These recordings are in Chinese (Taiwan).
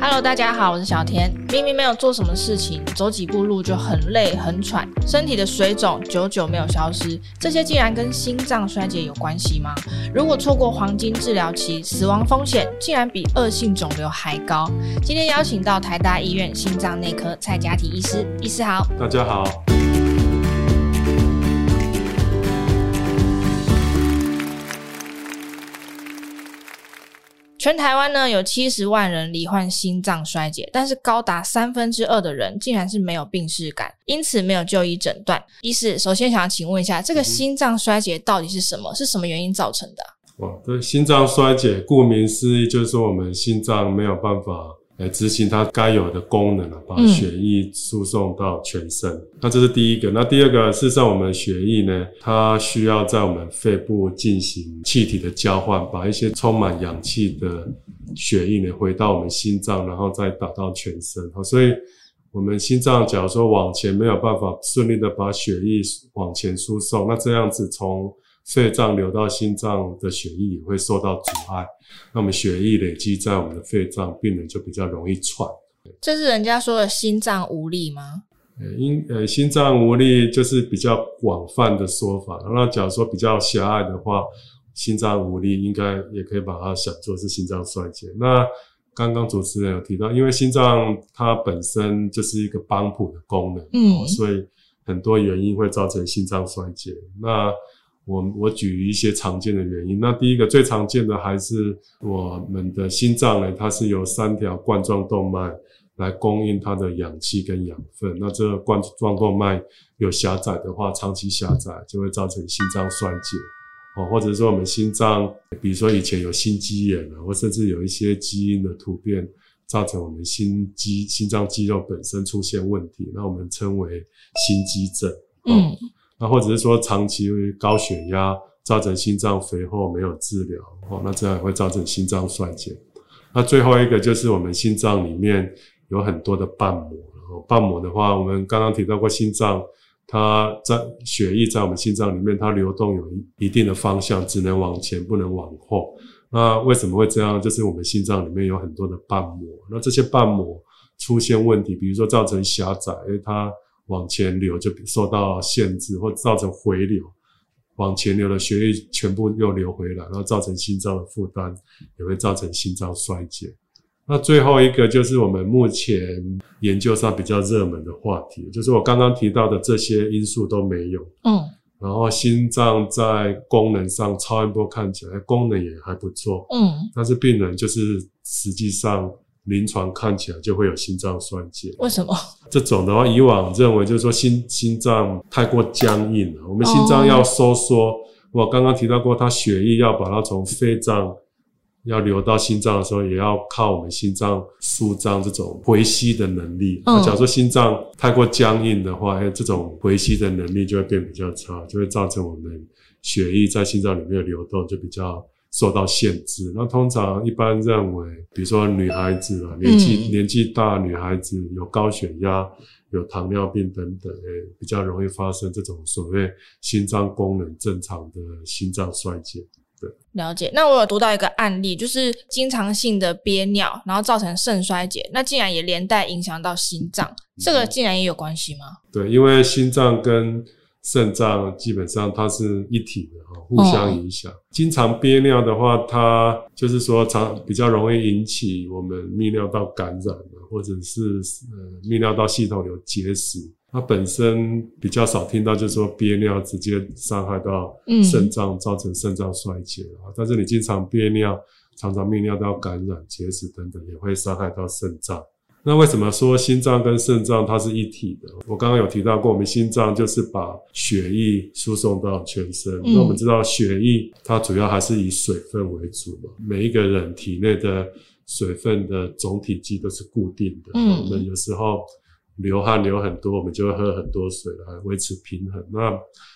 哈嘍，大家好，我是小天。明明沒有做什麼事情，走幾步路就很累、很喘，身體的水腫久久沒有消失，這些竟然跟心臟衰竭有關係嗎？如果錯過黃金治療期，死亡風險竟然比惡性腫瘤還高。今天邀請到台大醫院心臟內科蔡佳醍醫師，醫師好，大家好。全台灣呢有七十萬人罹患心臟衰竭，但是高達三分之二的人竟然是沒有病識感，因此沒有就醫診斷。醫師，首先想請問一下，這個心臟衰竭到底是什麼？嗯、是什麼原因造成的？哇對，心臟衰竭顧名思義就是我們心臟沒有辦法。來執行它該有的功能了，把血液輸送到全身。嗯、那這是第一個。那第二個，事實上，我們血液呢，它需要在我們肺部進行氣體的交換，把一些充滿氧氣的血液呢，回到我們心臟，然後再打到全身。好，所以我們心臟假如說往前沒有辦法順利的把血液往前輸送，那這樣子從肺臟流到心臟的血液也會受到阻礙，那麼血液累積在我們的肺臟，病人就比較容易喘。這是人家說的心臟無力嗎？呃、欸，因、欸、呃，心臟無力就是比較廣泛的說法。那假如說比較狹隘的話，心臟無力應該也可以把它想做是心臟衰竭。那剛剛主持人有提到，因為心臟它本身就是一個幫浦的功能，嗯、喔，所以很多原因會造成心臟衰竭。那我我舉一些常見的原因。那第一個最常見的還是我們的心臟呢，它是由三條冠狀動脈來供應它的氧氣跟養分。那這個冠狀動脈有狹窄的話，長期狹窄就會造成心臟衰竭。哦，或者說我們心臟，比如說以前有心肌炎了或甚至有一些基因的突變，造成我們心肌心臟肌肉本身出現問題，那我們稱為心肌症。哦、嗯。那或者是說長期高血壓造成心臟肥厚沒有治療哦，那這樣也會造成心臟衰竭。那最後一個就是我們心臟裡面有很多的瓣膜，瓣膜的話，我們剛剛提到過心臟，它在血液在我們心臟裡面它流動有一一定的方向，只能往前不能往後。那為什麼會這樣？就是我們心臟裡面有很多的瓣膜，那這些瓣膜出現問題，比如說造成狹窄，因為它。往前流就受到限制，或造成回流。往前流的血液全部又流回來，然後造成心臟的負擔，也會造成心臟衰竭。那最後一個就是我們目前研究上比較熱門的話題，就是我剛剛提到的這些因素都沒有，嗯，然後心臟在功能上超音波看起來功能也還不錯，嗯，但是病人就是實際上。臨床看起來就會有心臟衰竭。為什麼？這種的話，以往認為就是說心心臟太過僵硬了。我們心臟要收縮，Oh. 我剛剛提到過，它血液要把它從肺臟要流到心臟的時候，也要靠我們心臟舒張這種回吸的能力。Oh. 啊，假如說心臟太過僵硬的話，欸，這種回吸的能力就會變比較差，就會造成我們血液在心臟裡面流動就比較。受到限制，那通常一般認為，比如說女孩子啊，年紀、嗯、年紀大，女孩子有高血壓、有糖尿病等等，誒、欸，比較容易發生這種所謂心臟功能正常的心臟衰竭。對，了解。那我有讀到一個案例，就是經常性的憋尿，然後造成腎衰竭，那竟然也連帶影響到心臟，嗯、這個竟然也有關係嗎？對，因為心臟跟。腎臟基本上它是一體的哈，互相影響。Oh. 經常憋尿的話，它就是說常比較容易引起我們泌尿道感染，或者是呃泌尿道系統有結石。它本身比較少聽到就是說憋尿直接傷害到腎臟，造成腎臟衰竭啊。嗯。但是你經常憋尿，常常泌尿道感染、結石等等，也會傷害到腎臟。那為什麼說心臟跟腎臟它是一體的？我剛剛有提到過，我們心臟就是把血液輸送到全身。那我們知道，血液它主要還是以水分為主嘛。每一個人體內的水分的總體積都是固定的。那有時候。流汗流很多，我們就會喝很多水來維持平衡。那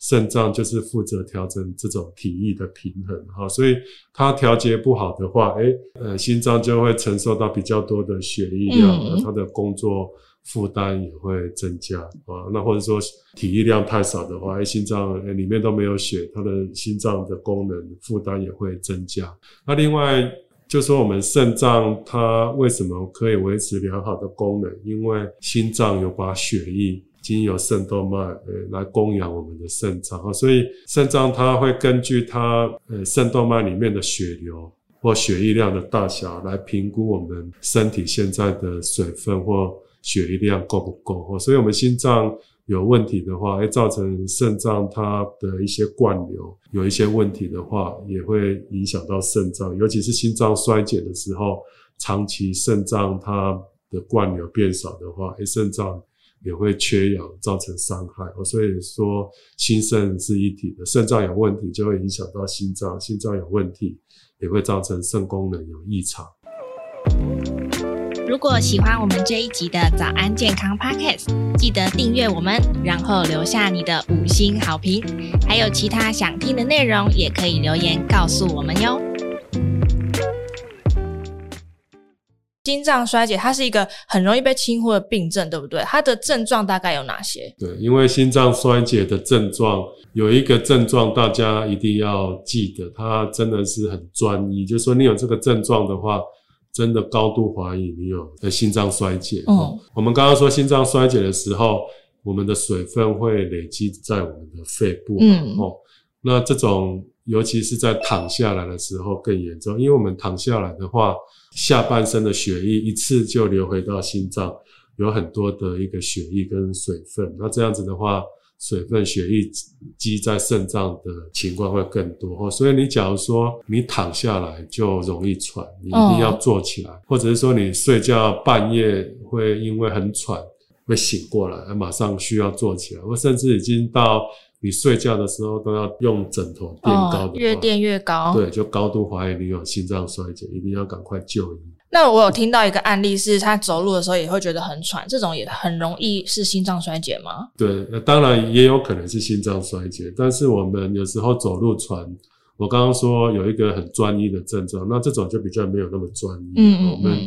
腎臟就是負責調整這種體液的平衡哈，所以它調節不好的話，哎，呃，心臟就會承受到比較多的血液量，它的工作負擔也會增加啊。嗯。那或者說體液量太少的話，哎，心臟裡面都沒有血，它的心臟的功能負擔也會增加。那另外。就說我們腎臟它為什麼可以維持良好的功能？因為心臟有把血液經由腎動脈呃來供養我們的腎臟。所以腎臟它會根據它呃腎動脈裡面的血流或血液量的大小來評估我們身體現在的水分或血液量夠不夠？所以我們心臟。有問題的話，會、欸、造成腎臟它的一些灌流有一些問題的話，也會影響到腎臟，尤其是心臟衰竭的時候，長期腎臟它的灌流變少的話，欸、腎臟也會缺氧，造成傷害。所以說，心腎是一體的，腎臟有問題就會影響到心臟，心臟有問題也會造成腎功能有異常。如果喜歡我們這一集的早安健康 Podcast，記得訂閱我們，然後留下你的五星好評。還有其他想聽的內容，也可以留言告訴我們喲。心臟衰竭，它是一個很容易被輕忽的病症，對不對？它的症狀大概有哪些？對，因為心臟衰竭的症狀有一個症狀，大家一定要記得，它真的是很專一。就是說你有這個症狀的話。真的高度懷疑你有心臟衰竭。哦，我們剛剛說心臟衰竭的時候，我們的水分會累積在我們的肺部。哦、嗯，那這種尤其是在躺下來的時候更嚴重，因為我們躺下來的話，下半身的血液一次就流回到心臟，有很多的一個血液跟水分。那這樣子的話。水分、血液積在腎臟的情況會更多，所以你假如說你躺下來就容易喘，你一定要坐起來，哦，或者是說你睡覺半夜會因為很喘會醒過來，馬上需要坐起來，或甚至已經到你睡覺的時候都要用枕頭墊高，哦，越墊越高，對，就高度懷疑你有心臟衰竭，一定要趕快就醫。那我有聽到一個案例，是他走路的時候也會覺得很喘，這種也很容易是心臟衰竭嗎？對，那當然也有可能是心臟衰竭，但是我們有時候走路喘，我剛剛說有一個很專一的症狀，那這種就比較沒有那麼專一。嗯，嗯，嗯。我們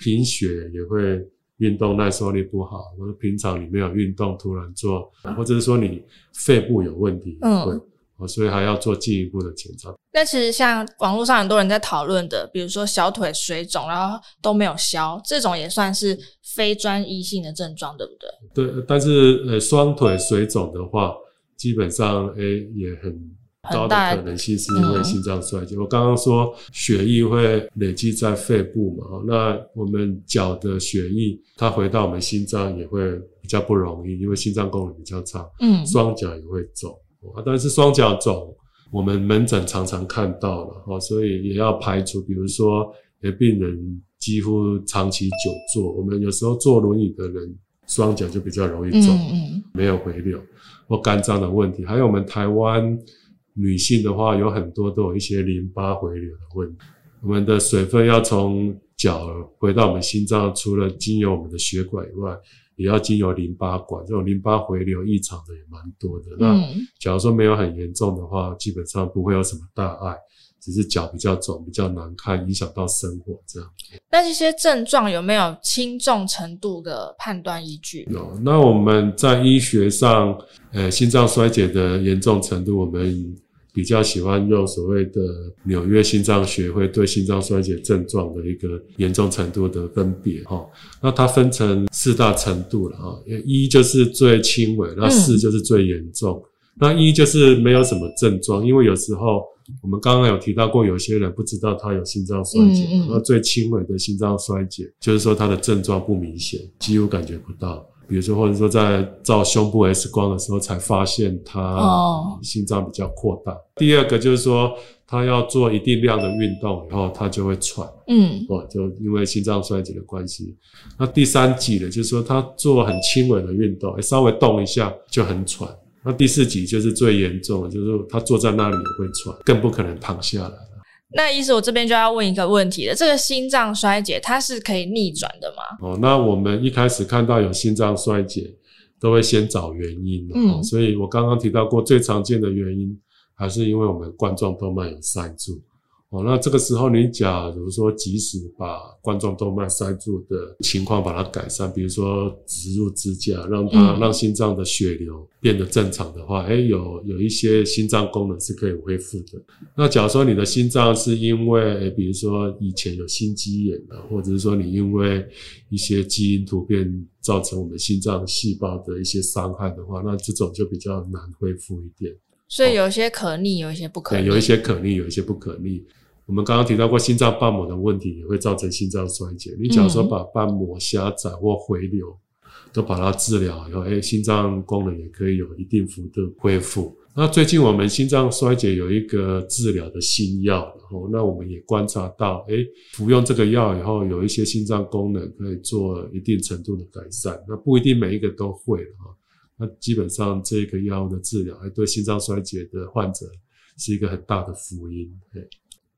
貧血也會運動耐受力不好，或者平常你沒有運動突然做，或者是說你肺部有問題會。嗯，對。所以還要做進一步的檢查。那其實像網絡上很多人在討論的，比如說小腿水腫，然後都沒有消，這種也算是非專一性的症狀，對不對？對，但是呃，雙腿水腫的話，基本上誒、欸、也很很大的可能性是因為心臟衰竭。嗯、我剛剛說血液會累積在肺部嘛，那我們腳的血液它回到我們心臟也會比較不容易，因為心臟功能比較差，嗯，雙腳也會腫。但是雙腳腫，我們門診常常看到了，所以也要排除，比如說，病人幾乎長期久坐，我們有時候坐輪椅的人，雙腳就比較容易腫，沒有回流或肝臟的問題，還有我們台灣女性的話，有很多都有一些淋巴回流的問題，我們的水分要從腳回到我們心臟，除了經由我們的血管以外，也要經由淋巴管，這種淋巴回流異常的也蠻多的。那假如說沒有很嚴重的話，基本上不會有什麼大礙，只是腳比較腫、比較難看，影響到生活這樣。那這些症狀有沒有輕重程度的判斷依據？有，那我們在醫學上，呃，心臟衰竭的嚴重程度，我們已經，比較喜歡用所謂的紐約心臟學會對心臟衰竭症狀的一個嚴重程度的分別哈，那它分成四大程度了哈，一就是最輕微，那四就是最嚴重，嗯、那一就是沒有什麼症狀，因為有時候我們剛剛有提到過，有些人不知道他有心臟衰竭，那、嗯、最輕微的心臟衰竭就是說他的症狀不明顯，幾乎感覺不到。比如說，或者說在照胸部 X 光的時候才發現他心臟比較擴大。Oh. 第二個就是說，他要做一定量的運動然後，他就會喘。嗯，哦就因為心臟衰竭的關係。那第三級的，就是說他做很輕微的運動、欸，稍微動一下就很喘。那第四級就是最嚴重的，就是他坐在那裡也會喘，更不可能躺下來。那意思我這邊就要問一個問題了，這個心臟衰竭它是可以逆轉的嗎？哦，那我們一開始看到有心臟衰竭，都會先找原因。嗯、哦，所以我剛剛提到過，最常見的原因還是因為我們冠狀動脈有塞住。哦，那這個時候，你假如說，即使把冠狀動脈塞住的情況把它改善，比如說植入支架，讓它讓心臟的血流變得正常的話，誒、嗯欸、有有一些心臟功能是可以恢復的。那假如說你的心臟是因為、欸，比如說以前有心肌炎的、啊，或者是說你因為一些基因突變造成我們心臟細胞的一些傷害的話，那這種就比較難恢復一點。所以有一些可逆，有一些不可逆、哦，有一些可逆，有一些不可逆。我們剛剛提到過心臟瓣膜的問題，也會造成心臟衰竭。你假如說把瓣膜狹窄或回流都把它治療，然後誒，心臟功能也可以有一定幅度恢復。那最近我們心臟衰竭有一個治療的新藥，然後那我們也觀察到，誒，服用這個藥以後，有一些心臟功能可以做一定程度的改善。那不一定每一個都會啊。那基本上這個藥的治療，對心臟衰竭的患者是一個很大的福音。誒。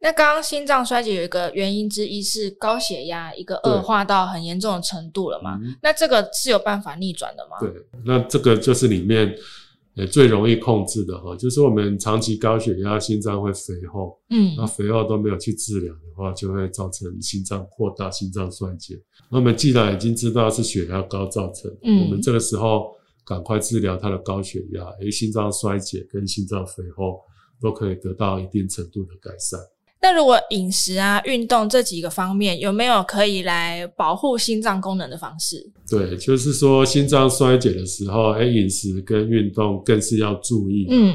那剛剛心臟衰竭有一個原因之一是高血壓一個惡化到很嚴重的程度了嘛？對那這個是有辦法逆轉的嗎？對，那這個就是裡面、欸、最容易控制的哈，就是我們長期高血壓心臟會肥厚，嗯，那肥厚都沒有去治療的話，就會造成心臟擴大、心臟衰竭。那麼既然已經知道是血壓高造成，嗯、我們這個時候趕快治療它的高血壓，因為心臟衰竭跟心臟肥厚都可以得到一定程度的改善。那如果飲食啊、運動這幾個方面，有沒有可以來保護心臟功能的方式？對，就是說心臟衰竭的時候，哎，飲食跟運動更是要注意。嗯，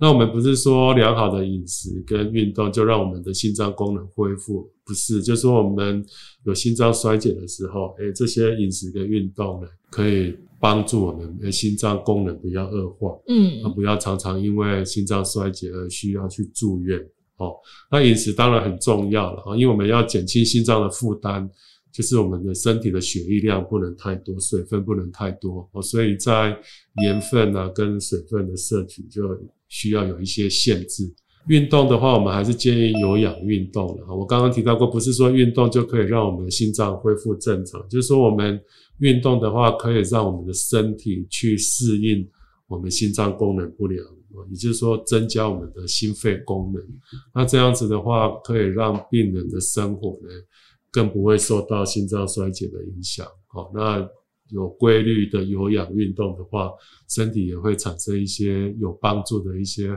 那我們不是說良好的飲食跟運動就讓我們的心臟功能恢復？不是，就是說我們有心臟衰竭的時候，哎，這些飲食跟運動呢，可以幫助我們的心臟功能不要惡化。嗯，啊，不要常常因為心臟衰竭而需要去住院。哦，那飲食當然很重要了啊，因為我們要減輕心臟的負擔，就是我們的身體的血液量不能太多，水分不能太多哦，所以在鹽分啊跟水分的攝取就需要有一些限制。運動的話，我們還是建議有氧運動啊。我剛剛提到過，不是說運動就可以讓我們的心臟恢復正常，就是說我們運動的話，可以讓我們的身體去適應。我們心臟功能不良，也就是說增加我們的心肺功能。那這樣子的話，可以讓病人的生活呢，更不會受到心臟衰竭的影響。那有規律的有氧運動的話，身體也會產生一些有幫助的一些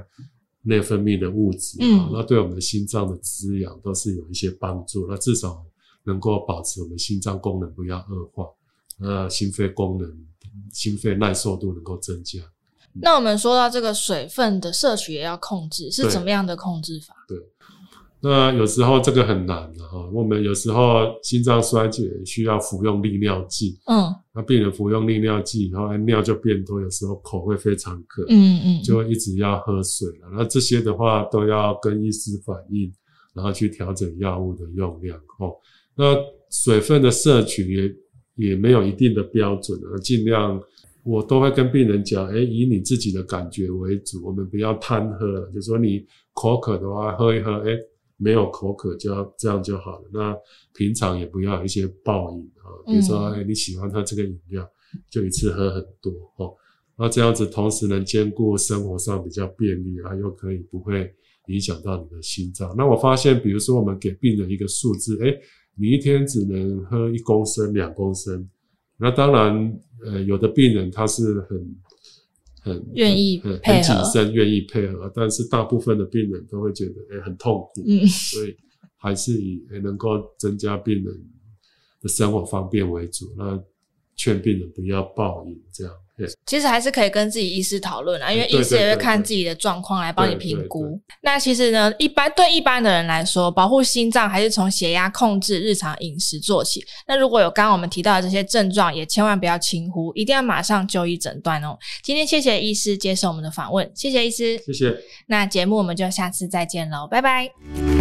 內分泌的物質。那對我們的心臟的滋養都是有一些幫助。那至少能夠保持我們心臟功能不要惡化。那心肺功能、心肺耐受度能夠增加。那我們說到這個水分的攝取也要控制，是怎麼樣的控制法？對，那有時候這個很難的、喔、哈。我們有時候心臟衰竭需要服用利尿劑，嗯，那病人服用利尿劑以後，尿就變多，有時候口會非常渴，嗯嗯，就一直要喝水了。那這些的話都要跟醫師反應，然後去調整藥物的用量哦。那水分的攝取也也沒有一定的標準啊，盡量。我都會跟病人講，誒、欸、以你自己的感覺為主，我們不要貪喝。就說你口渴的話，喝一喝，誒、欸、沒有口渴，就要這樣就好了。那平常也不要有一些暴飲啊，比如說，誒、欸、你喜歡喝這個飲料，就一次喝很多哦。那這樣子同時能兼顧生活上比較便利啊，又可以不會影響到你的心臟。那我發現，比如說我們給病人一個數字，誒、欸、你一天只能喝一公升、兩公升，那當然。呃，有的病人他是很很願意、很、呃、很謹慎，願意配合，但是大部分的病人都會覺得哎、欸、很痛苦，嗯，所以還是以、欸、能夠增加病人的生活方便為主，那勸病人不要暴飲這樣。Yeah. 其實還是可以跟自己醫師討論啊，因為醫師也會看自己的狀況來幫你評估。那其實呢，一般對一般的人來說，保護心臟還是從血壓控制、日常飲食做起。那如果有剛剛我們提到的這些症狀，也千萬不要輕忽，一定要馬上就醫診斷哦。今天謝謝醫師接受我們的訪問，謝謝醫師，謝謝。那節目我們就下次再見嘍，拜拜。